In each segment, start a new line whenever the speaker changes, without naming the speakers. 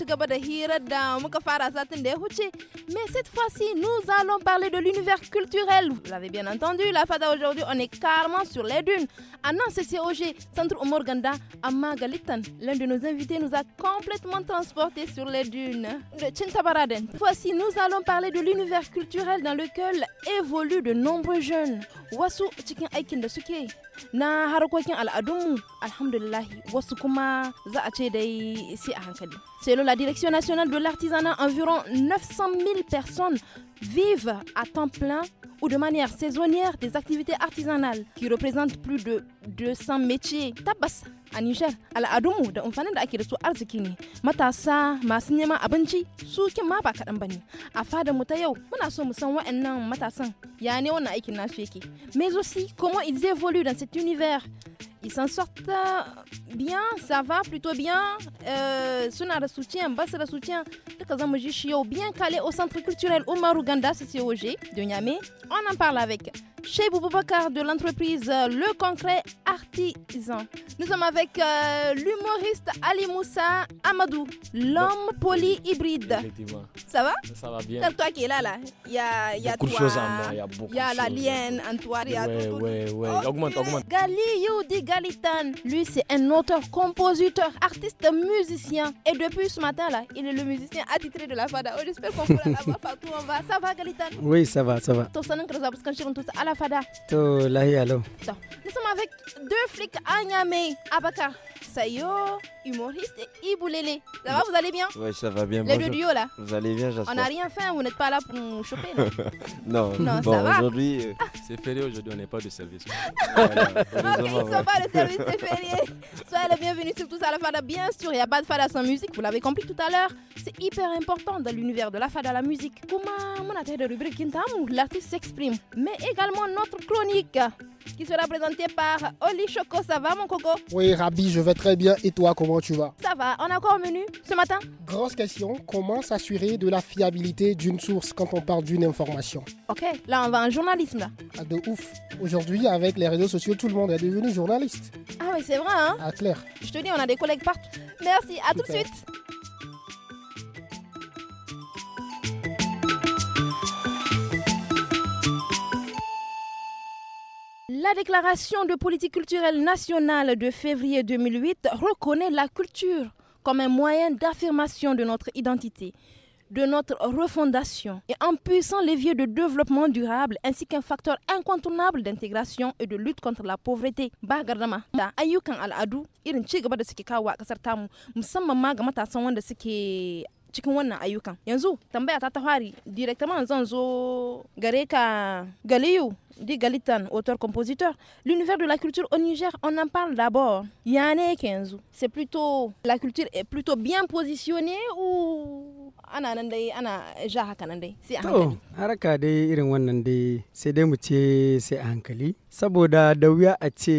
da da muka fara satin Mais cette fois-ci, nous allons parler de l'univers culturel. Vous l'avez bien entendu, la fada aujourd'hui, on est carrément sur les dunes. Ah non, COG, Centre Omar Ganda, à Magalitan. L'un de nos invités nous a complètement transporté sur les dunes Cette fois-ci, nous allons parler de l'univers culturel dans lequel évoluent de nombreux jeunes. Wasu Chicken Aikin de na ce selon la direction nationale de l'artisanat environ 900 000 personnes vivent à temps plein ou de manière saisonnière des activités artisanales qui représentent plus de 200 métiers a Nijar al'adunmu da amfanin da ake da su arziki ne matasa masu neman abinci su kin ma ba kaɗan ba ne a fadar mu ta yau muna so mu san wa'annan matasan ya ne wannan aikin nasu yake mais aussi comment ils évoluent dans cet univers ils s'en sortent euh, bien, ça va plutôt bien. Euh, n'est pas soutien, soutien. de zamu chio bien calé au centre culturel Omar Uganda G de Niamey. On en parle avec Chebou Boubacar de l'entreprise Le Concret Artisan. Nous sommes avec euh, l'humoriste Ali Moussa Amadou, l'homme polyhybride. Ça va Ça va bien. C'est toi qui es là, là. Il y a, beaucoup de choses en moi, il y a beaucoup Il y la lienne en toi, il y a tout.
Ouais, ouais, augmente, augmente.
Galitan. Lui, c'est un auteur, compositeur, artiste, musicien. Et depuis ce matin-là, il est le musicien attitré de la FADA. Oh, J'espère qu'on pourra la voir partout. On va. Ça va, Galitan
Oui, ça va, ça va. Tout
es nous à la FADA.
Tu es là, Nous
sommes avec deux flics à Niamey, Abaka. Sayo, humoriste et Iboulele. Ça va, vous allez bien Oui,
ça va bien. Les deux duos là Vous allez bien, j'espère. On n'a
rien fait, vous n'êtes pas là pour nous choper là. non, non bon, ça Aujourd'hui,
euh, c'est férié, aujourd'hui on n'est pas de service. voilà, ok, ils sont pas de service, c'est férié.
Soyez les bienvenus sur tout ça, la Fada, bien sûr. Il n'y a pas de Fada sans musique, vous l'avez compris tout à l'heure. C'est hyper important dans l'univers de la Fada, la musique. Comment mon atelier de rubrique l'artiste s'exprime, mais également notre chronique qui sera présenté par Oli Choco. Ça va, mon coco Oui,
Rabi, je vais très bien. Et toi, comment tu vas
Ça va. On a encore au menu ce matin
Grosse question. Comment s'assurer de la fiabilité d'une source quand on parle d'une information
Ok, là, on va en journalisme, là.
Ah, de ouf. Aujourd'hui, avec les réseaux sociaux, tout le monde est devenu journaliste.
Ah, oui, c'est vrai, hein Ah, clair. Je te dis, on a des collègues partout. Merci, à tout de suite. La déclaration de politique culturelle nationale de février 2008 reconnaît la culture comme un moyen d'affirmation de notre identité, de notre refondation et en puissant levier de développement durable ainsi qu'un facteur incontournable d'intégration et de lutte contre la pauvreté. Bagardama, cikin wannan ayyukan yanzu tambaya ta ta fari directement zan zo gare ka galiyu dit Galitan, auteur-compositeur. L'univers de la culture au Niger, on en parle d'abord. Yane Kenzo, c'est plutôt la culture est plutôt bien positionnée ou ana nan dai ana ja haka nan dai sai hankali. To,
haraka dai irin wannan dai sai dai mu ce sai a hankali saboda da wuya a ce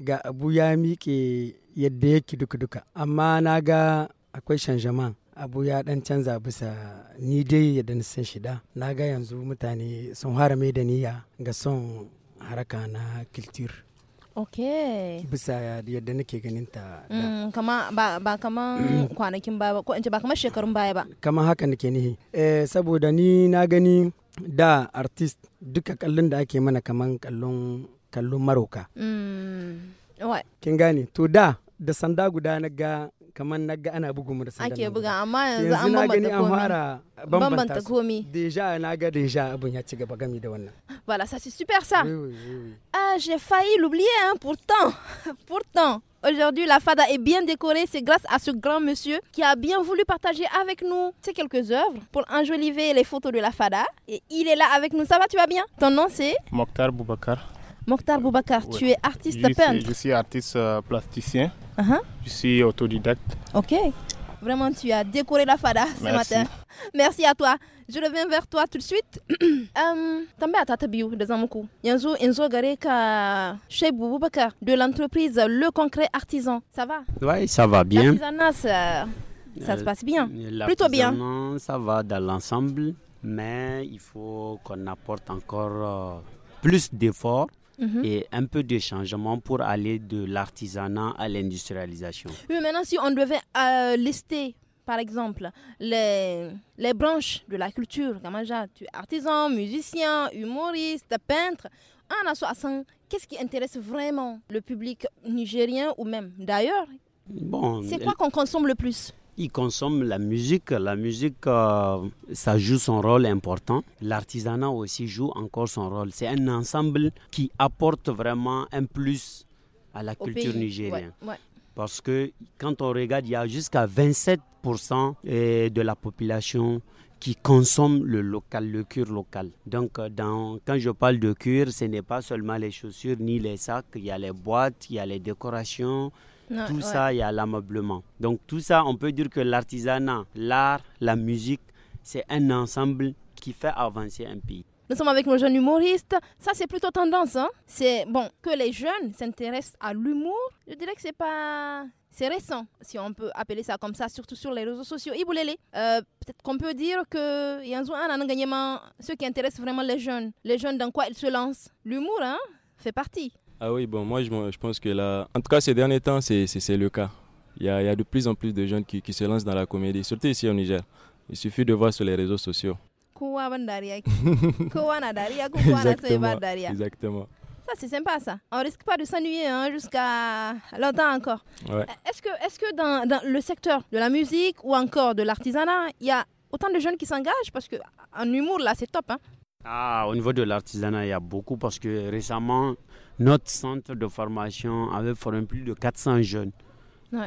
ga abu ya miƙe yadda yake duka-duka amma na ga akwai shanjaman abu ya dan canza bisa ni dai yadda na san shida na ga yanzu mutane sun mai da niyya ga son haraka na kiltir ok bisa yadda nake ganin ta
mm, kama ba, kaman kama kwanakin baya ba ko ba kama shekarun baya ba
kama haka nake nihi eh, saboda ni na gani da artist duka kallon da ake mana kaman kallon kallon maroka
mm.
kin gane to da da sanda guda na ga kamar ana ake buga amma yanzu an deja
voilà ça c'est super ça ah j'ai failli l'oublier hein, pourtant pourtant Aujourd'hui, la fada est bien décorée. C'est grâce à ce grand monsieur qui a bien voulu partager avec nous ces quelques œuvres pour enjoliver les photos de la fada. Et il est là avec nous. Ça va, tu vas bien Ton nom, c'est
Mokhtar Boubacar.
Mokhtar Boubacar, tu es artiste de peintre. je
suis artiste euh, plasticien. Uh-huh. Je suis autodidacte. Ok.
Vraiment, tu as décoré la fada ce matin. Merci à toi. Je reviens vers toi tout de suite. Euh, tata Bio Yanzu Boubacar de l'entreprise Le Concret Artisan. Ça va
Oui, ça va bien.
ça, se passe bien. Euh, Plutôt bien.
Ça va dans l'ensemble, mais il faut qu'on apporte encore plus d'efforts Mhm. et un peu de changement pour aller de l'artisanat à l'industrialisation.
Oui, maintenant, si on devait euh, lister, par exemple, les, branches de la culture, tu artisan, musicien, humoriste, peintre, en association, qu'est-ce qui intéresse vraiment le public nigérien ou même d'ailleurs bon, C'est euh, quoi qu'on consomme
le plus ils consomment la musique. La musique, euh, ça joue son rôle important. L'artisanat aussi joue encore son rôle. C'est un ensemble qui apporte vraiment un plus à la culture nigérienne. Parce que quand on regarde, il y a jusqu'à 27% euh, de la population qui consomme le local, le cuir local. Donc, euh, dans, quand je parle de cuir, ce n'est pas seulement les chaussures ni les sacs, il y a les boîtes, il y a les décorations, tout ça, il y a l'ameublement. Donc tout ça, on peut dire que l'artisanat, l'art, la musique, c'est un ensemble qui fait avancer un pays.
Nous sommes avec nos jeunes humoristes. Ça, c'est plutôt tendance. Hein? C'est bon que les jeunes s'intéressent à l'humour. Je dirais que c'est pas. C'est récent, si on peut appeler ça comme ça, surtout sur les réseaux sociaux. Euh, peut-être qu'on peut dire que y a engagement ce qui intéresse vraiment les jeunes. Les jeunes, dans quoi ils se lancent L'humour, hein, fait partie.
Ah oui, bon, moi je, je pense que là, en tout cas ces derniers temps, c'est le cas. Il y, a, il y, a, de plus en plus de jeunes qui, qui se lancent dans la comédie, surtout ici au Niger. Il suffit de voir sur les réseaux sociaux.
exactement,
exactement.
Ça, c'est sympa, ça. On risque pas de s'ennuyer hein, jusqu'à longtemps encore. Est-ce que, est -ce que dans, dans, le secteur de la musique ou encore de l'artisanat, il y a autant de jeunes qui s'engagent Parce qu'en humour, là, c'est top. Hein.
Ah, au niveau de l'artisanat, il y a beaucoup parce que récemment, notre centre de formation avait formé plus de 400 jeunes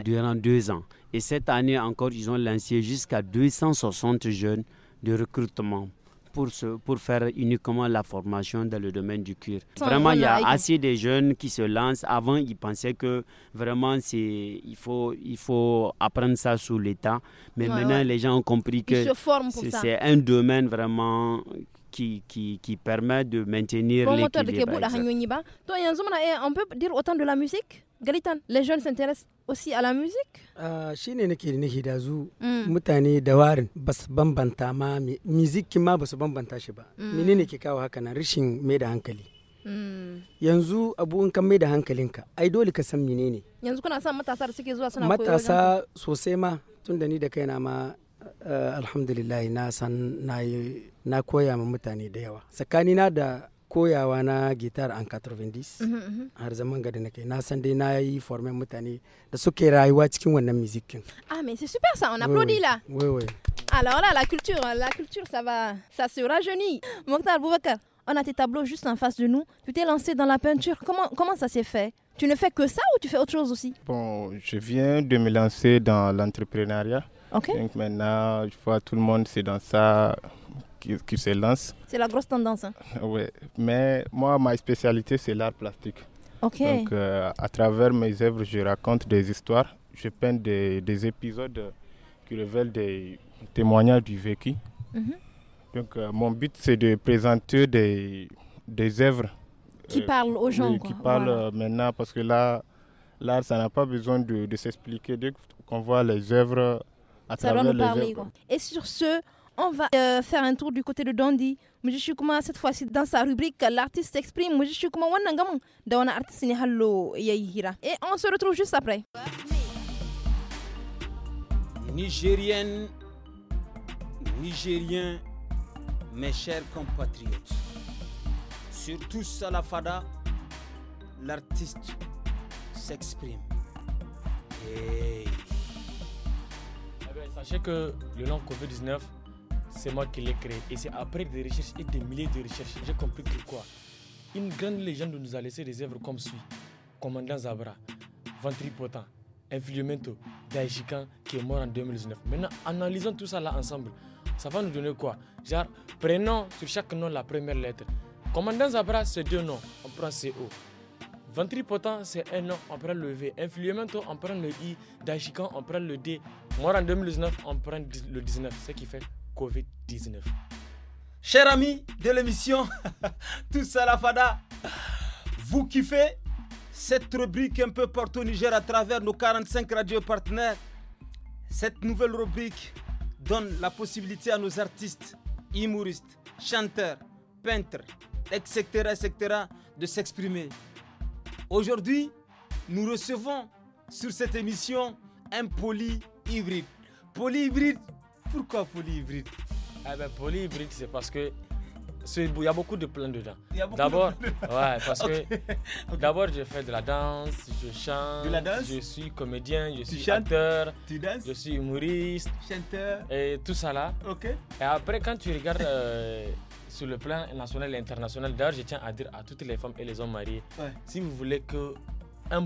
durant deux ans. Et cette année encore, ils ont lancé jusqu'à 260 jeunes de recrutement pour, ce, pour faire uniquement la formation dans le domaine du cuir. Vraiment, il y a assez de jeunes qui se lancent. Avant, ils pensaient que vraiment, il faut, il faut apprendre ça sous l'État. Mais maintenant, les gens ont compris que c'est un domaine vraiment qui, qui, qui permet de maintenir l'équilibre. Eh,
on peut dire autant de la musique Galitan. les jeunes s'intéressent aussi à la musique ah, shine
neke nake da zu hmm. mutane da warin ba su bambanta ma music ma ba su bambanta shi ba hmm. menene ke kawo haka na rishin mai hankali hmm. yanzu abu kan ka mai da hankalinka ai dole ka san menene
yanzu kuna san matasa da suke zuwa suna matasa
sosai ma tun da ni da kaina ma Uh, alhamdulillah na san na na koya ma mutane da yawa na da koyawa na gitar an 90 mhm, mhm. har zaman gada kai na san dai na yi formen mutane da suke rayuwa cikin wannan musikin
ah mais c'est super ça on applaudit là oui oui alors là la culture hein, la culture ça va ça se rajeunit Mokhtar Boubacar on a tes tableaux juste en face de nous tu t'es lancé dans la peinture comment comment ça s'est fait tu ne fais que ça ou tu fais autre chose aussi
bon je viens de me lancer dans l'entrepreneuriat donc maintenant, je vois tout le monde, c'est dans ça qui, se lance. C'est la grosse tendance. Hein. Oui, mais moi, ma spécialité, c'est l'art plastique. Donc euh, à travers mes œuvres, je raconte des histoires, je peins des, épisodes qui révèlent des témoignages du vécu. Mhm. Donc euh, mon but, c'est de présenter des, œuvres. Euh,
qui parlent aux gens. qui parlent
maintenant, parce que là, l'art, ça n'a pas besoin de, de s'expliquer. Dès qu'on voit les œuvres
et sur ce, on va euh, faire un tour du côté de Dondi. comment euh, cette fois-ci, dans sa rubrique, euh, l'artiste s'exprime. artiste Et on se retrouve juste après.
Nigérienne, Nigérien, mes chers compatriotes, surtout Salafada,
l'artiste s'exprime. Et... Sachez que le nom Covid-19, c'est moi qui l'ai créé. Et c'est après des recherches et des milliers de recherches, j'ai compris que quoi Une grande légende nous a laissé des œuvres comme suit Commandant Zabra, Ventripotent, Influimento, Daishikan, qui est mort en 2019. Maintenant, analysons tout ça là ensemble. Ça va nous donner quoi Genre, prenons sur chaque nom la première lettre. Commandant Zabra, c'est deux noms, on prend CO. Ventripotent, c'est un nom, on prend le V. Influimento, on prend le I. Daishikan, on prend le D. Moi, en 2019, on prend le 19, ce qui fait Covid-19. Chers amis de l'émission Tous à la Fada, vous kiffez
cette rubrique un peu partout au Niger à travers nos 45 radios partenaires. Cette nouvelle rubrique donne la possibilité à nos artistes, humoristes, chanteurs, peintres, etc., etc., de s'exprimer. Aujourd'hui, nous recevons sur cette émission un polyhybride. Polyhybride Pourquoi polyhybride
eh ben, Polyhybride, c'est parce que il y a beaucoup de plans dedans. D'abord, ouais, parce que d'abord je fais de la danse, je chante, de la danse? je suis comédien, je suis chanteur acteur, je suis humoriste, chanteur et tout ça là. Ok. Et après quand tu regardes euh, sur le plan national et international, d'ailleurs je tiens à dire à toutes les femmes et les hommes mariés, si vous voulez que euh,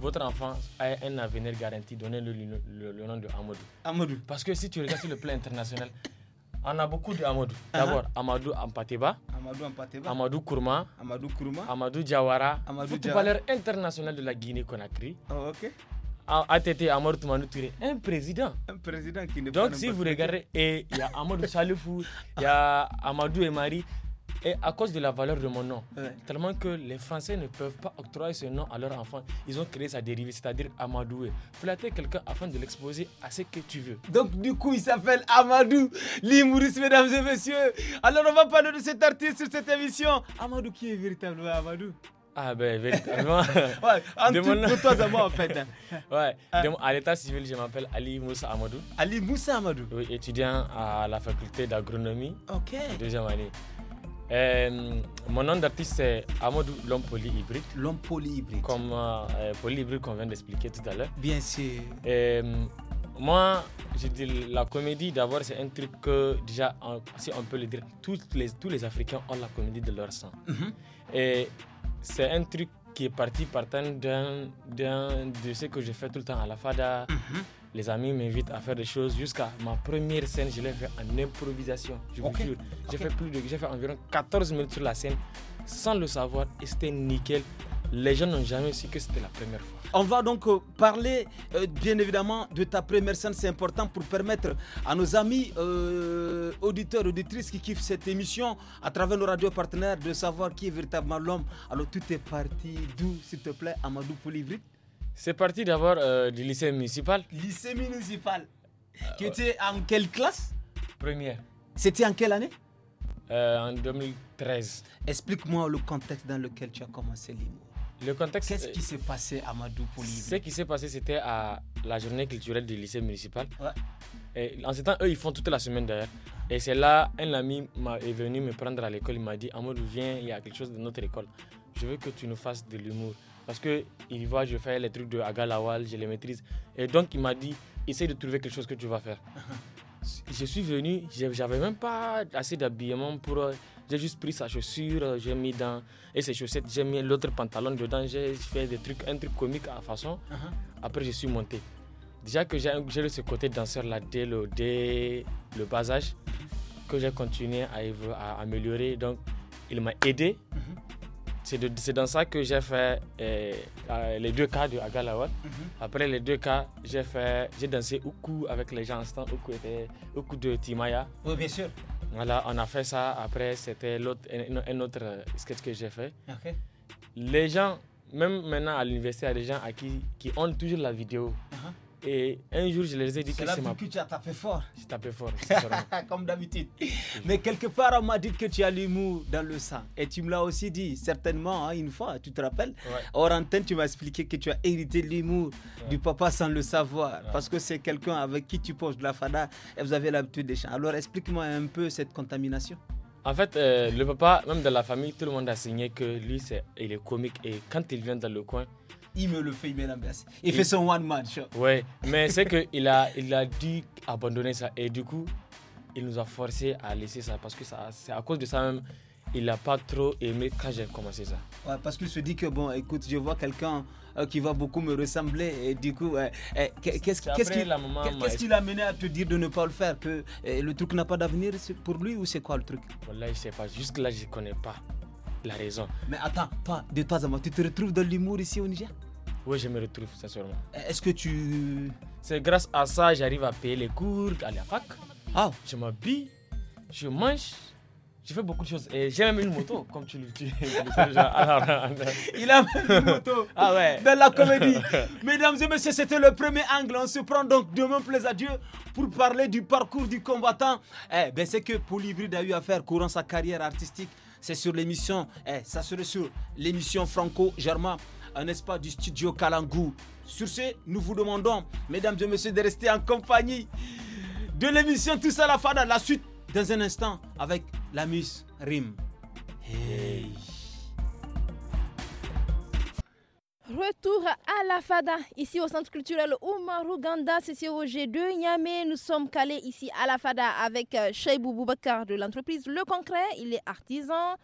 votre enfant a un avenir garanti, donnez-le le, nom de Amadou. Amadou. Parce que si tu regardes sur le plan international, on a beaucoup de ah. D'abord, Amadou Ampateba. Amadou Amadou Kourma. Amadou Kourma. Amadou Diawara. Footballeur international de la Guinée-Conakry. Oh, ok. ATT Amadou Toumanou un président. Un président qui Donc, si vous regardez, il y a Amadou Salifou, il y a Amadou Emari. Et à cause de la valeur de mon nom, tellement que les Français ne peuvent pas octroyer ce nom à leur enfant, ils ont créé sa dérivée, c'est-à-dire Amadoué. Flatter quelqu'un afin de l'exposer à ce que tu veux. Donc, du coup, il s'appelle Amadou Limouris, mesdames et messieurs. Alors,
on va parler de cet artiste sur cette émission. Amadou, qui est véritablement Amadou
ah ben véritablement. ouais, en de, mon... tout, moi, en fait. ouais. Ah. à l'état civil, je m'appelle Ali Moussa Amadou. Ali Moussa Amadou. Oui, étudiant à la faculté d'agronomie. Ok. Deuxième année. Euh, mon nom d'artiste c'est Amadou l'homme polyhybride. L'homme polyhybride. Comme euh, euh, polyhybride qu'on vient d'expliquer tout à l'heure. Bien sûr. moi, je dis la comédie d'abord c'est un truc que déjà si on peut le dire, tous les tous les Africains ont la comédie de leur sang. Mhm. Et c'est un truc qui est parti partant d'un de ce que je fais tout le temps à la fada. Mhm les amis m'invitent à faire des choses. Jusqu'à ma première scène, je l'ai fait en improvisation. Je vous J'ai fait plus fait environ 14 minutes sur la scène sans le savoir et c'était nickel. Les gens n'ont jamais su que c'était la première fois. On va donc euh, parler euh, bien évidemment de ta première scène.
C'est important pour permettre à nos amis euh, auditeurs, auditrices qui kiffent cette émission à travers nos radios partenaires de savoir qui est véritablement l'homme. Alors tout est parti d'où, s'il
te plaît, Amadou Polivrit c'est parti d'abord euh, du lycée municipal. Lycée municipal. Tu étais en quelle classe Première.
C'était en quelle année
euh, En 2013.
Explique-moi le contexte dans lequel tu as commencé l'humour. Le contexte. Qu'est-ce euh, qui s'est passé à Madou Ce
qui s'est passé, c'était à la journée culturelle du lycée municipal. Ouais. Et en ce temps, eux, ils font toute la semaine d'ailleurs. Et c'est là, un ami est venu me prendre à l'école. Il m'a dit Amadou, viens, il y a quelque chose de notre école. Je veux que tu nous fasses de l'humour parce que il va, je fais les trucs de Agalawal, je les maîtrise. Et donc il m'a dit, essaye de trouver quelque chose que tu vas faire. je suis venu, j'avais même pas assez d'habillement pour. Euh, j'ai juste pris sa chaussure, euh, j'ai mis dans. Et ses chaussettes, j'ai mis l'autre pantalon dedans, j'ai fait des trucs, un truc comique à façon. Uh-huh. Après, je suis monté. Déjà que j'ai ce côté danseur là dès le, le bas âge, que j'ai continué à, à, améliorer. Donc, il m'a aidé. Uh-huh c'est dans ça que j'ai fait euh, euh, les deux cas de Agalawa. Mhm. Après les deux cas, j'ai fait j'ai dansé ukou avec les gens. Oukou était de Timaya. Oui, bien sûr. Voilà, on a fait ça. Après, c'était l'autre un, autre euh, sketch que j'ai fait. Les gens, même maintenant à l'université, il y a des gens à qui, ont toujours la vidéo. Uh-huh. Et un jour, je les ai dit que c'est ma... que
tu as tapé fort. J'ai tapé fort. Comme d'habitude.
Mais quelque part, on m'a dit
que tu as l'humour dans le sang. Et tu me l'as aussi dit, certainement, hein, une fois, tu te rappelles ouais. antenne, tu m'as expliqué que tu as hérité l'humour du papa sans le savoir. Parce que c'est quelqu'un avec qui tu poses de la fada et vous avez l'habitude des chants. Alors explique-moi un peu cette contamination.
En fait, euh, le papa, même de la famille, tout le monde a signé que lui, c'est, il est comique. Et quand il vient dans le coin,
il me le fait, il met la Il, fait son one man show.
Ouais, mais c'est qu'il a, il a dû abandonner ça. Et du coup, il nous a forcé à laisser ça parce que ça, c'est à cause de ça même. Il n'a pas trop aimé quand j'ai commencé ça.
Ouais, parce qu'il se dit que, bon, écoute, je vois quelqu'un euh, qui va beaucoup me ressembler et du coup, eh, qu'est-ce qui l'a mené à te dire de ne pas le faire Que eh, le truc n'a pas d'avenir pour lui ou c'est quoi le truc Là, je
sais pas. Jusque-là, je ne connais pas la raison. Mais attends, toi, de toi Zama, tu te retrouves dans l'humour ici au Niger Oui, je me retrouve, sincèrement. Eh, est-ce que tu. C'est grâce à ça j'arrive à payer les cours à la fac. Ah. Je m'habille, je mange. Je fais beaucoup de choses. Et j'ai même une moto, comme tu le dis. Il a même une moto.
Ah ouais. Dans la comédie. Mesdames et messieurs, c'était le premier angle. On se prend donc demain, plaise à Dieu, pour parler du parcours du combattant. Eh ben, c'est que Polybride a eu à faire courant sa carrière artistique c'est sur l'émission, eh, ça serait sur l'émission Franco-Germain, euh, n'est-ce pas, du studio Kalangou. Sur ce, nous vous demandons, mesdames et messieurs, de rester en compagnie de l'émission tout à la de La suite dans un instant avec la mus Rim. Hey.
retour à la FADA, ici au Centre culturel Omaruganda, c'est 2 Niamey. Nous sommes calés ici à la FADA avec euh, Cheibou Boubacar de l'entreprise Le Concret. Il est artisan,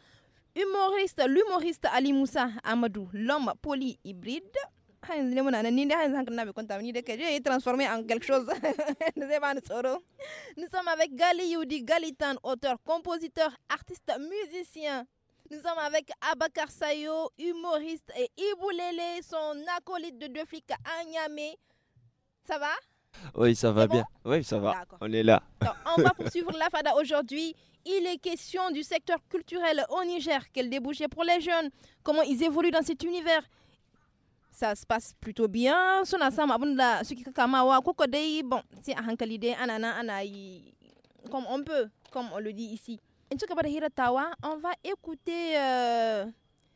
humoriste, l'humoriste Ali Moussa Amadou, l'homme polyhybride. transformé en quelque chose. Nous sommes avec Gali Youdi Galitan, auteur, compositeur, artiste, musicien. Nous sommes avec Abakar Sayo, humoriste, et Iboulele, son acolyte de deux flics à Ça va
Oui, ça va
bien. oui, ça va. On est là.
on va poursuivre la FADA aujourd'hui. Il est question du secteur culturel au Niger. Quel débouché pour les jeunes Comment ils évoluent dans cet univers ça se passe plutôt bien Son ensemble, bon c'est un comme on peut comme on le dit ici on va écouter euh,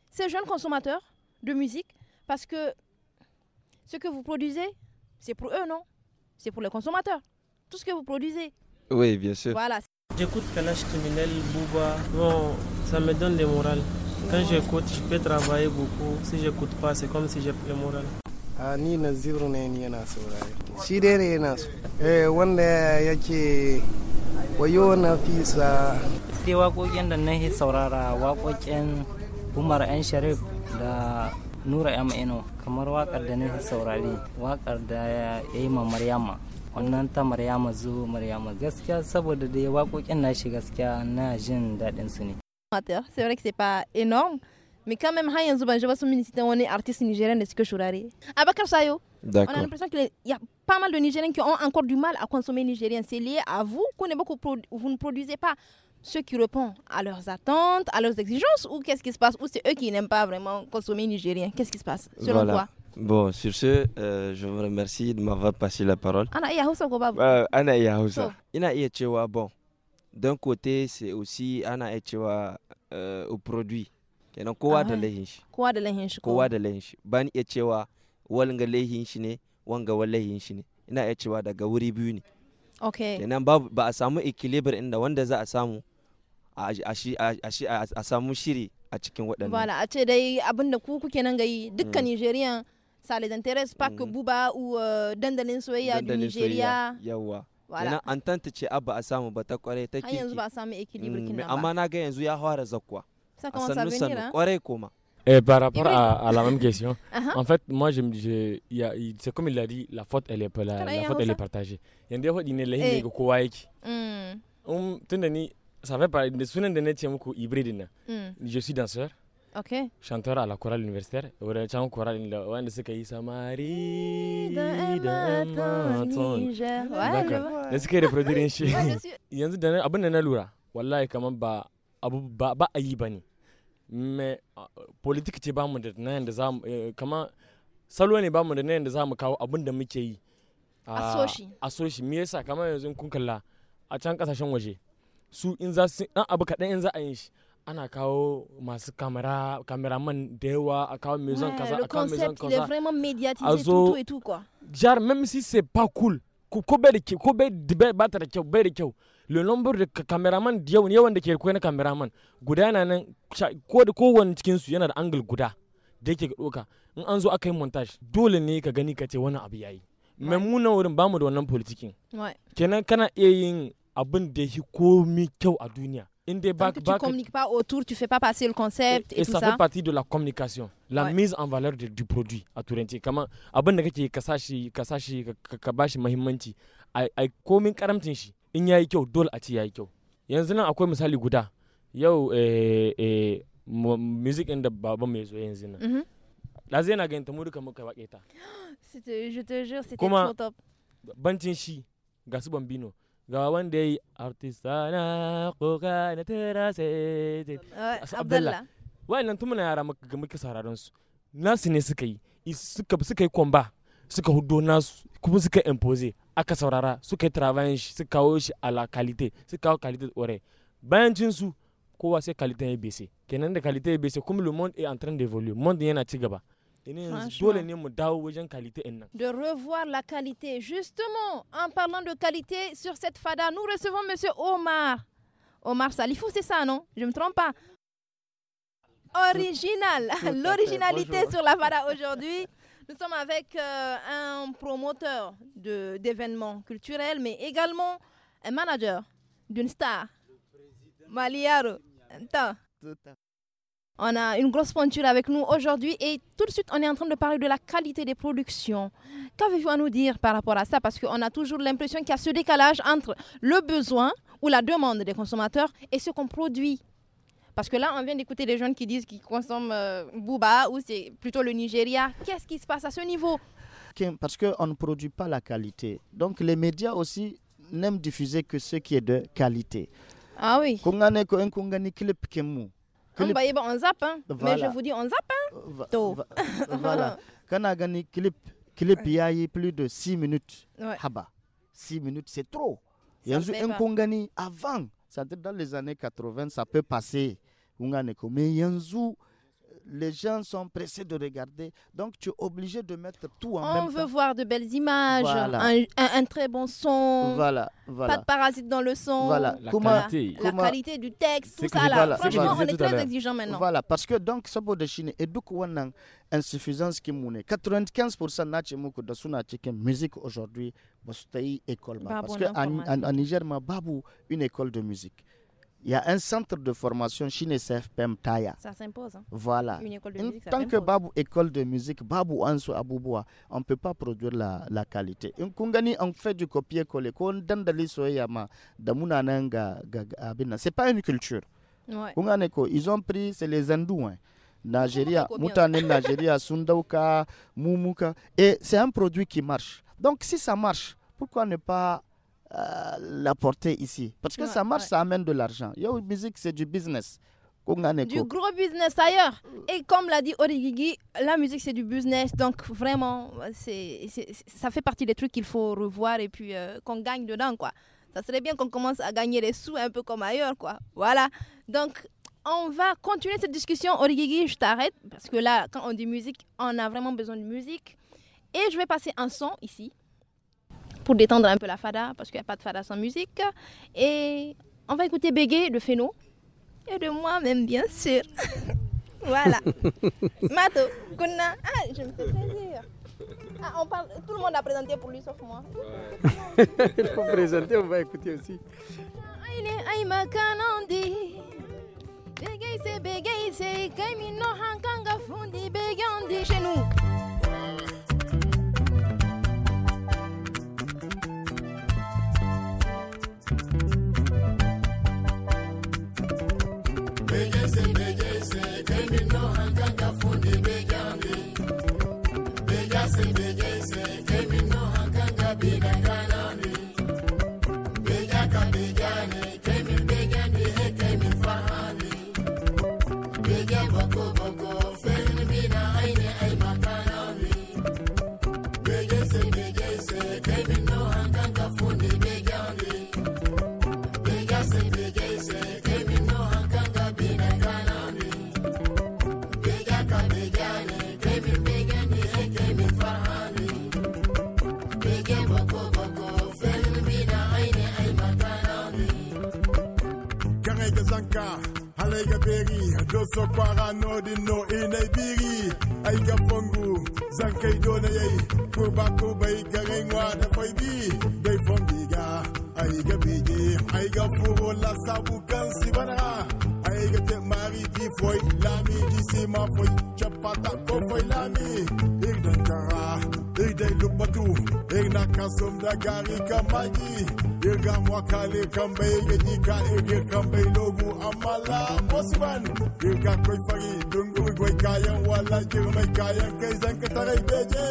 ces jeunes consommateurs de musique parce que ce que vous produisez, c'est pour eux, non C'est pour les consommateurs. Tout ce que vous produisez.
Oui, bien sûr.
J'écoute Kalash Criminel, Bouba, ça me donne le moral. Quand j'écoute, je peux travailler beaucoup. Si j'écoute pas, c'est
comme si j'ai le moral. Ah, ni
wayo na fisa
sai waƙoƙin da na saurara waƙoƙin umar yan sharif da nura mno kamar wakar da na saurari wakar da ya yi ma maryama wannan ta maryama zo maryama gaskiya saboda dai waƙoƙin na shi gaskiya na jin daɗin su ne
c'est vrai que c'est pas énorme mais quand même har hein, yanzu ban ji ba sun miniti wani artist nigerian da suka shurare abakar sayo on a l'impression qu'il y a pas mal de Nigériens qui ont encore du mal à consommer nigérien. C'est lié à vous, vous ne produisez pas ce qui répond à leurs attentes, à leurs exigences, ou qu'est-ce qui se passe Ou c'est eux qui n'aiment pas vraiment consommer nigérien Qu'est-ce qui se passe Selon toi
Bon, sur ce, euh, je vous remercie de m'avoir passé la parole.
Ana iya Hausa euh,
ana iya oh. bon. D'un côté, c'est aussi ana iya cewa euh, au produit. Kenan kowa da lahin shi. Kowa da lahin shi. Kowa da lahin shi. wanga wallahi shi ne ina iya cewa daga wuri biyu ne okay kenan ba a samu equilibrium inda wanda za a samu a samu shiri a cikin waɗannan bala
a ce dai abinda ku kuke nan gayi dukkan mm. salidan teres Park mm. Buba uh, dandalin soyayya da Nigeria yawa wala
an tantace abba a samu ba ta kware ta kiki yanzu ba a samu equilibrium mm, amma na ga yanzu ya fara zakwa
a sannu sannu kwarai eh?
koma
Et par rapport eh à, à, la même question, uh -huh. en fait, moi, je, je, c'est comme il l'a dit, la faute, elle est, la, la faute, elle est partagée. Il y a des fois, il y a des gens ça fait parler de sunan de netiamu ko hybride na hein. hmm. je suis danseur ok chanteur à la chorale universitaire wala chant chorale la wanda suka yi samari da matan
d'accord da suka yi reproduire shi
yanzu da des da na lura wallahi kaman ba abu ba ba ayi bane me politika ce bamu da na yadda za mu eh, kama salo ne bamu da na yadda za mu kawo abin da muke yi a soshi a soshi me yasa kamar yanzu kun kalla a can kasashen waje su in za su dan abu kaɗan in za a yin shi ana kawo masu kamera kameraman da yawa a kawo mai zan kaza a eh, kawo mai zan
kaza a zo
jar même si c'est pas cool ko bai da kyau ko bai ba ta da kyau bai da kyau le nombre da cameraman yau ne wanda ke koyar cameraman guda yana nan ko da kowane cikin su yana da angle guda da yake doka in an zo aka yi montage dole ne ka gani ka ce wani abu yayi mai muna wurin bamu da wannan politikin kenan kana iya yin abin da ya komi kyau a duniya in dai ba tu communique
pas autour, tu fais pas passer le concept. Eh, et, et eh, tout ça, ça fait
partie de la communication, la ouais. mise en valeur de, du produit à Turinti. Comment abin da kake kasashi sashi ka bashi muhimmanci ai ai komin karamcin shi in yayi kyau dole a ya yayi kyau yanzu nan akwai misali guda yau eh, eh, music ɗin da baban mai zo yanzu nan mm-hmm. zai na ganin ta mu duka muka waƙe ta kuma bancin shi ga su bambino ga wanda ya yi artistana koka na tera sai abdallah wa'annan tumuna yara muka sauraron su nasu ne suka yi suka yi kwamba suka qui nasu kuma suka impose aka saurara suka yi travayin shi suka kawo shi a la qualité, suka kawo qualité ore bayan cin su kowa sai kalite ya bese kenan da qualité ya bese kuma le monde est en train d'évoluer monde yana ci gaba De
revoir la qualité. Justement, en parlant de qualité, sur cette fada, nous recevons Monsieur Omar. Omar Salifou, c'est ça, non Je ne me trompe pas. Original. L'originalité sur la fada aujourd'hui. Nous sommes avec euh, un promoteur d'événements culturels, mais également un manager d'une star, Maliaro. On a une grosse poncture avec nous aujourd'hui et tout de suite, on est en train de parler de la qualité des productions. Qu'avez-vous à nous dire par rapport à ça Parce qu'on a toujours l'impression qu'il y a ce décalage entre le besoin ou la demande des consommateurs et ce qu'on produit parce que là, on vient d'écouter des jeunes qui disent qu'ils consomment euh, Bouba ou c'est plutôt le Nigeria. Qu'est-ce qui se passe à ce niveau
Parce qu'on ne produit pas la qualité. Donc les médias aussi n'aiment diffuser que ce qui est de qualité. Ah oui. un Clip.
on zappe, hein? mais je vous dis on zappe.
Hein? Euh, voilà. Quand on a clip, clip il y a plus de 6 minutes. Haba. 6 minutes, c'est trop. Il y a un avant, c'est-à-dire dans les années 80, ça peut passer. Mais les gens sont pressés de regarder. Donc, tu es obligé de mettre tout en On même temps. On veut
voir de belles images, un, un, très bon son. Voilà, voilà. Pas de parasites dans le son. Voilà. La, qualité. du texte, tout ça. Franchement, on est très exigeant maintenant. Voilà,
parce que donc, Sabo de Chine, et donc, on a insuffisance qui moune. 95% de la musique aujourd'hui c'est une école Parce qu'en Niger, ma a une école de musique. Il y a un centre de formation Chinesse CFPM Taya. Ça
s'impose. Hein. Voilà. Une école de en musique, tant que Babou,
école de musique, Babou Ansu Abouboua, on ne peut pas produire la, la qualité. Kungani, on fait du copier-coller. Ce n'est pas une culture. Ils ont pris, c'est les hindous. Hein. Nigeria, hein. Moutané Nigeria, Sundauka, Moumouka. Et c'est un produit qui marche. Donc si ça marche, pourquoi ne pas euh, l'apporter ici. Parce que ça marche, ça amène de l'argent. La musique, c'est du business. Du
gros business ailleurs. Et comme l'a dit Origigi, la musique c'est du business. Donc vraiment, c'est ça fait partie des trucs qu'il faut revoir et puis euh, qu'on gagne dedans. quoi. Ça serait bien qu'on commence à gagner des sous un peu comme ailleurs. quoi. Voilà. Donc on va continuer cette discussion. Origigi, je t'arrête parce que là, quand on dit musique, on a vraiment besoin de musique. Et je vais passer un son ici pour détendre un peu la fada, parce qu'il n'y a pas de fada sans musique. Et on va écouter Bégué de Phéno et de moi-même, bien sûr. voilà. Mato, Kuna, ah, je me fais plaisir. Ah, on parle, tout le monde a présenté pour lui sauf moi.
Il faut
présenter, on va écouter aussi.
Ah,
doso kwaranodinno inay biri ay gafongu zankay donayay kurba kurbay garay ngwada faybi bi fombiga ay gabije ay gafuro la sabu kansi banara ay gate mari di La mi di foy chapata ko foy lami dey look batu ina kasum da gari kamagi irga wakale kambe yejika irga kambe logu amala osman irga koi fari dungu goi kayan wala jirmai kayan kai zan beje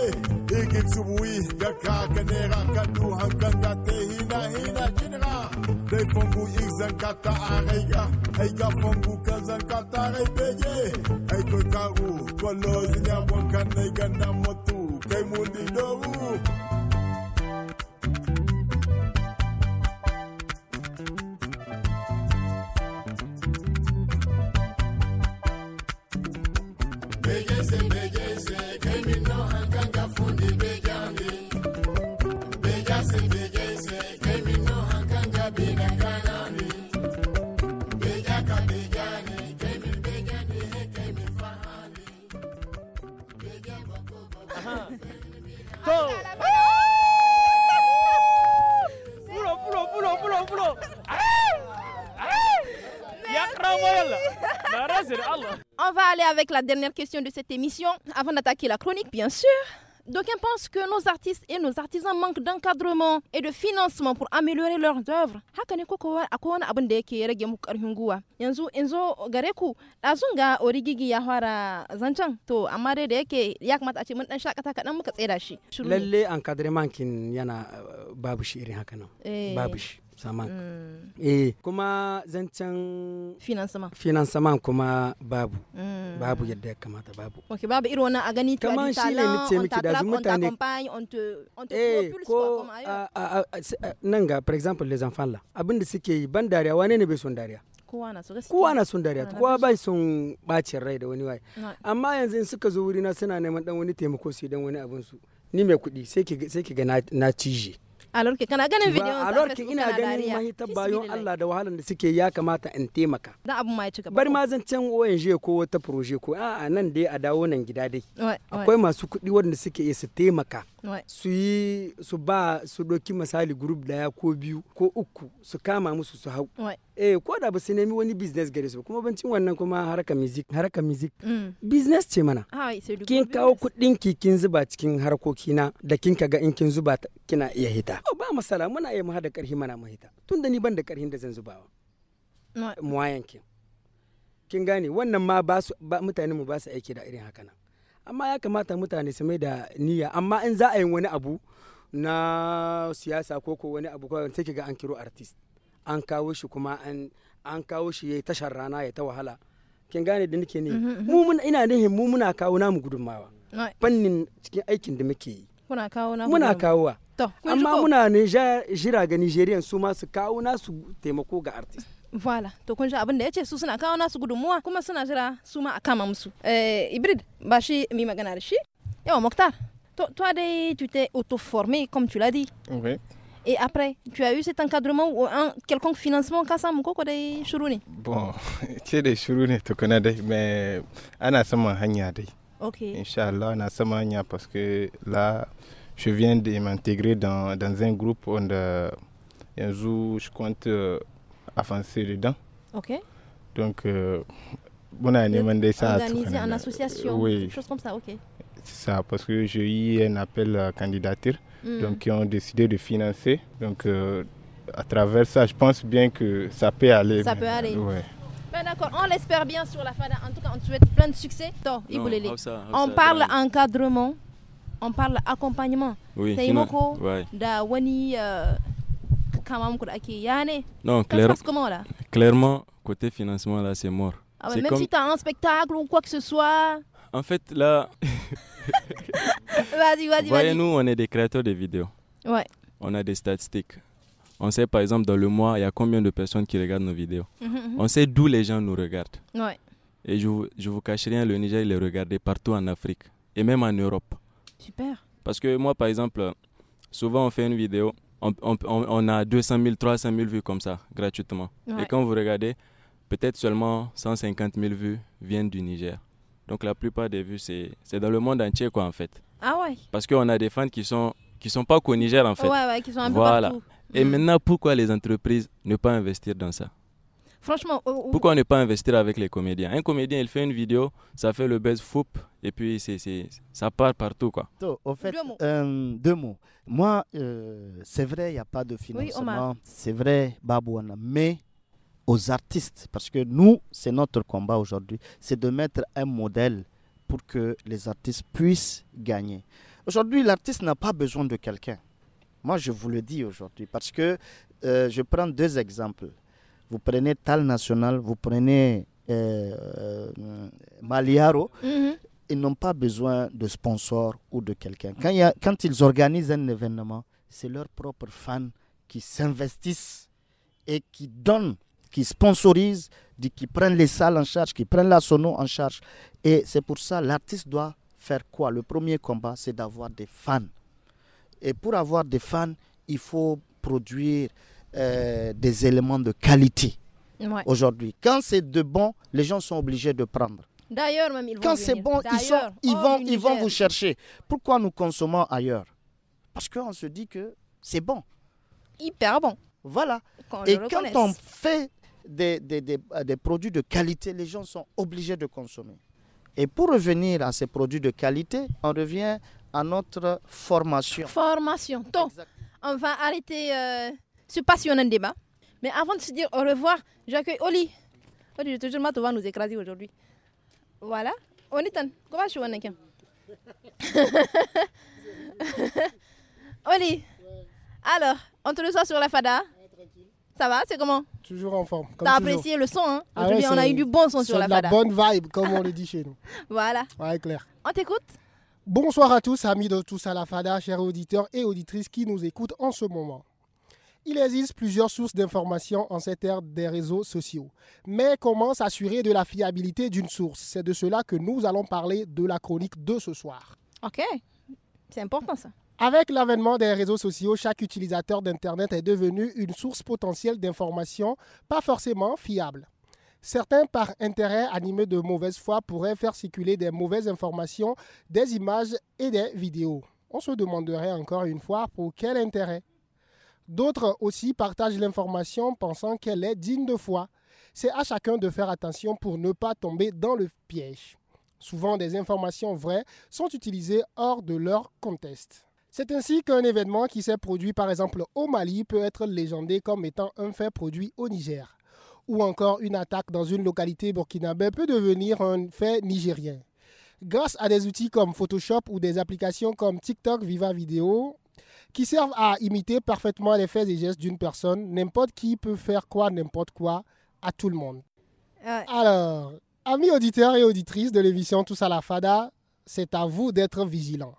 igik subui ya ka kanera kadu hankanga te hina hina jinra dey fongu ik zan kata arega aiga fongu kan kata rai beje ai koi karu kolo zinya wankan nai ganda moto Raimundo Douro.
avec la dernière question de cette émission, avant d'attaquer la chronique, bien sûr. D'aucuns pensent que nos artistes et nos artisans manquent d'encadrement et de financement pour améliorer leurs œuvres. Haka ne kokowa akwai wani abin da yake rage Yanzu in gareku gare ku, origigi ya fara zancen to amma dai da yake ya kamata a ce mun dan shakata kaɗan muka tsira shi. Lalle
encadrement kin yana eh, babu shi irin haka nan. Eh. Babu shi. saman mm. eh
kuma zancen
finansaman kuma babu
mm. babu
yadda ya kamata babu
ok babu irin wannan a gani kamar shi ne nace miki da mutane eh ko nan
ga for example les enfants la abinda suke yi ban dariya wane ne bai son dariya kowa na so na son dariya kowa bai son bacin rai da wani waye amma yanzu in suka zo na suna neman dan wani taimako su dan wani abin su ni mai kuɗi sai ki ga na cije
alor ke kana ganin video alor ke ina ganin mahita bayon Allah
da wahalan da suke ya kamata in taimaka
dan abun ma ya ci bari ma zan
can ONG ko wata proje ko a'a nan dai a dawo nan gida dai akwai masu kuɗi wanda suke iya su taimaka su yi su ba su ɗauki misali group daya ko biyu ko uku su kama musu su hau eh ko da ba su nemi wani business gare su kuma bancin wannan kuma harka music harka music mm. business ce mana
ah, kin
kawo kuɗin ki kin zuba cikin harkoki na da kin kaga in kin zuba kina iya hita oh, ba masala muna iya mu hada karhi mana mu hita tunda ni ban da karhin da zan zubawa mu kin kin gane wannan ma ba mutane mu ba su aiki da irin haka nan amma ya kamata mutane su mai da niyya amma in za a yi wani abu na siyasa ko ko wani abu kawai sai ga an kiro artist an kawo shi kuma an an kawo shi yayi tashar rana ya ta wahala kin gane da nake ne mm-hmm, mm-hmm. mu muna ina ne mu muna kawo namu gudunmawa fannin cikin aikin da muke yi
muna kawo namu muna kawowa amma muna
ne jira ga Nigerian su ma su kawo nasu taimako ga artist
Voilà, to kun abin da ya ce su suna kawo nasu gudunmuwa kuma suna jira su ma a kama musu. Eh, Ibrid, ba shi mi magana da shi? Yawa Mokhtar, to, toi dai tu t'es auto-formé comme tu l'as dit. Oui. Et après, tu as eu cet encadrement ou un quelconque financement kasa mu ko dai shuru ne?
Bon, ce dai shuru ne tukuna dai, mais ana sama hanya dai. Ok. inshallah ana sama hanya parce que là, je viens de m'intégrer dans, dans un groupe on un jour, je compte euh, avancer dedans. Ok. Donc, euh, demandé ça ça. sa organiser en association oui. quelque
chose comme ça ok
c'est ça parce que j'ai eu un appel à euh, candidature hmm. donc qui ont décidé de financer donc euh, à travers ça je pense bien que ça peut aller ça peut aller Oui.
Ben d'accord, on l'espère bien sur la fin. En tout cas, on te souhaite plein de succès. Non, on parle encadrement, on parle accompagnement.
Oui, Taïmoko, ouais.
da wani euh,
non, clairement, côté financement, là, c'est mort. Ah même si tu
as un spectacle ou quoi que ce soit.
En fait, là.
vas-y, vas-y, Voyez-nous,
on est des créateurs de vidéos. Ouais. On a des statistiques. On sait, par exemple, dans le mois, il y a combien de personnes qui regardent nos vidéos. Mhm, mhm. On sait d'où les gens nous regardent. Ouais. Et je, je vous cache rien, le Niger, il est regardé partout en Afrique et même en Europe. Super. Parce que moi, par exemple, souvent, on fait une vidéo on, on, on, a 200 000, 300 000 vues comme ça, gratuitement. Et quand vous regardez, peut-être seulement 150 000 vues viennent du Niger. Donc la plupart des vues, c'est dans le monde entier, quoi, en fait. Ah ouais Parce qu'on a des fans qui sont qui sont pas qu'au Niger, en fait. Ouais, ouais, qui sont un peu voilà. Et mm. maintenant, pourquoi les entreprises ne pas investir dans ça
Franchement, pourquoi on pourquoi
pas investir avec les comédiens Un comédien, il fait une vidéo, ça fait le buzz fou, et puis ça part partout. Quoi.
Euh, deux mots. Moi, euh, c'est vrai, il n'y a pas de financement. c'est vrai, Babouana. Mais aux artistes, parce que nous, c'est notre combat aujourd'hui, c'est de mettre un modèle pour que les artistes puissent gagner. Aujourd'hui, l'artiste n'a pas besoin de quelqu'un. Moi, je vous le dis aujourd'hui, parce que euh, je prends deux exemples. Vous prenez Tal National, vous prenez euh, euh, Maliaro. Mhm. Ils n'ont pas besoin de sponsors ou de quelqu'un. Quand, quand, ils organisent un événement, c'est leurs propres fans qui s'investissent et qui donnent, qui sponsorisent, qui prennent les salles en charge, qui prennent la sono en charge. Et c'est pour ça l'artiste doit faire quoi Le premier combat, c'est d'avoir des fans. Et pour avoir des fans, il faut produire, euh, des éléments de qualité aujourd'hui. Quand c'est de bon, les gens sont obligés de prendre.
D'ailleurs, même ils vont Quand c'est bon, ils, vont, ils vont vous
chercher. Pourquoi nous consommons ailleurs Parce qu'on se dit que c'est bon. Hyper bon. Voilà. Et quand on fait des, euh, des, produits de qualité, les gens sont obligés de consommer. Et pour revenir à ces produits de qualité, on revient à notre formation.
Formation. Donc, on va arrêter. Euh, ce passionnant débat. Mais avant de se dire au revoir, j'accueille Oli. Oli, je te jure, tu vas nous écraser aujourd'hui. Voilà. On est en. Comment je suis en Oli, alors, on te reçoit sur la FADA. Ça va, c'est comment
Toujours en forme. T'as apprécié le son, hein ah on a eu du bon son sur la FADA. la bonne vibe, comme on le dit chez nous. voilà. Ouais, clair. On t'écoute Bonsoir à tous, amis de Tous à la FADA, chers auditeurs et auditrices qui nous écoutent en ce moment. Il existe plusieurs sources d'informations en cette ère des réseaux sociaux. Mais comment s'assurer de la fiabilité d'une source C'est de cela que nous allons parler de la chronique de ce soir.
Ok, c'est important ça.
Avec l'avènement des réseaux sociaux, chaque utilisateur d'Internet est devenu une source potentielle d'informations pas forcément fiable. Certains, par intérêt animé de mauvaise foi, pourraient faire circuler des mauvaises informations, des images et des vidéos. On se demanderait encore une fois pour quel intérêt D'autres aussi partagent l'information pensant qu'elle est digne de foi. C'est à chacun de faire attention pour ne pas tomber dans le piège. Souvent, des informations vraies sont utilisées hors de leur contexte. C'est ainsi qu'un événement qui s'est produit par exemple au Mali peut être légendé comme étant un fait produit au Niger. Ou encore une attaque dans une localité burkinabé peut devenir un fait nigérien. Grâce à des outils comme Photoshop ou des applications comme TikTok Viva Video qui servent à imiter parfaitement les faits et gestes d'une personne. N'importe qui peut faire quoi, n'importe quoi, à tout le monde. Alors, amis auditeurs et auditrices de l'émission Tous à la Fada, c'est à vous d'être vigilants.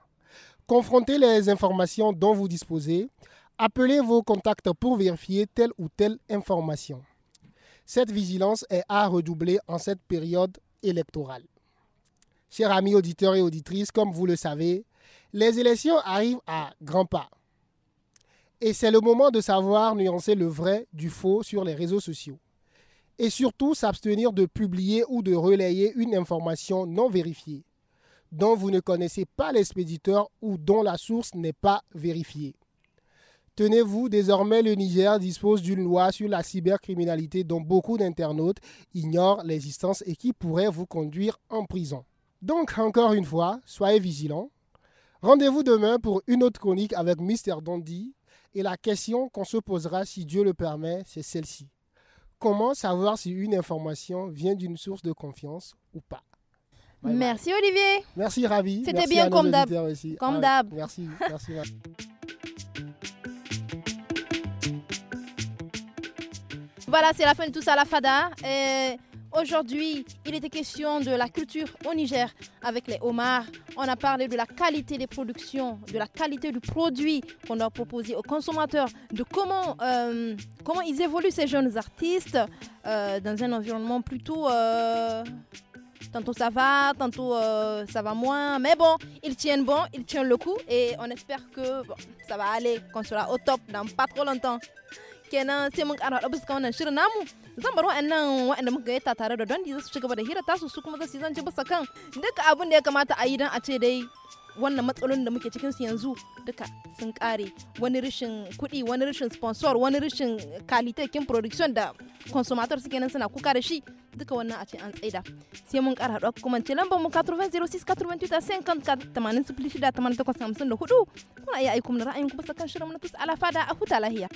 Confrontez les informations dont vous disposez. Appelez vos contacts pour vérifier telle ou telle information. Cette vigilance est à redoubler en cette période électorale. Chers amis auditeurs et auditrices, comme vous le savez, les élections arrivent à grands pas. Et c'est le moment de savoir nuancer le vrai du faux sur les réseaux sociaux. Et surtout s'abstenir de publier ou de relayer une information non vérifiée, dont vous ne connaissez pas l'expéditeur ou dont la source n'est pas vérifiée. Tenez-vous, désormais le Niger dispose d'une loi sur la cybercriminalité dont beaucoup d'internautes ignorent l'existence et qui pourrait vous conduire en prison. Donc encore une fois, soyez vigilants. Rendez-vous demain pour une autre chronique avec Mister Dandy et la question qu'on se posera, si Dieu le permet, c'est celle-ci. Comment savoir si une information vient d'une source de confiance ou pas
Merci Olivier.
Merci Ravi. C'était bien comme d'hab. Comme ah
d'hab. Merci, voilà, c'est la fin de tout ça, la fada. Aujourd'hui, il était question de la culture au Niger avec les homards. On a parlé de la qualité des productions, de la qualité du produit qu'on a proposé aux consommateurs, de comment, euh, comment ils évoluent ces jeunes artistes euh, dans un environnement plutôt... Euh, tantôt ça va, tantôt ça va moins. Mais bon, ils tiennent bon, ils tiennent le coup et on espère que ça va aller, qu'on sera au top dans pas trop longtemps. kenan sai mun kara haɗu bisa wannan shirin namu zan bar wa'annan wa'anda muka gayyata tare da dondi su ci gaba da hira tasu su kuma za su yi zance bisa kan duk abin da ya kamata a yi don a ce dai wannan matsalolin da muke cikin su yanzu duka sun kare wani rashin kuɗi wani rashin sponsor wani rashin kalitakin production da consumator suke nan suna kuka da shi duka wannan a ce an tsaida sai mun kara haɗuwa kuma ce lambar mu 8006 kuna iya aikum da ra'ayin kuma sakan shirin na tusa alafa da a huta lahiya.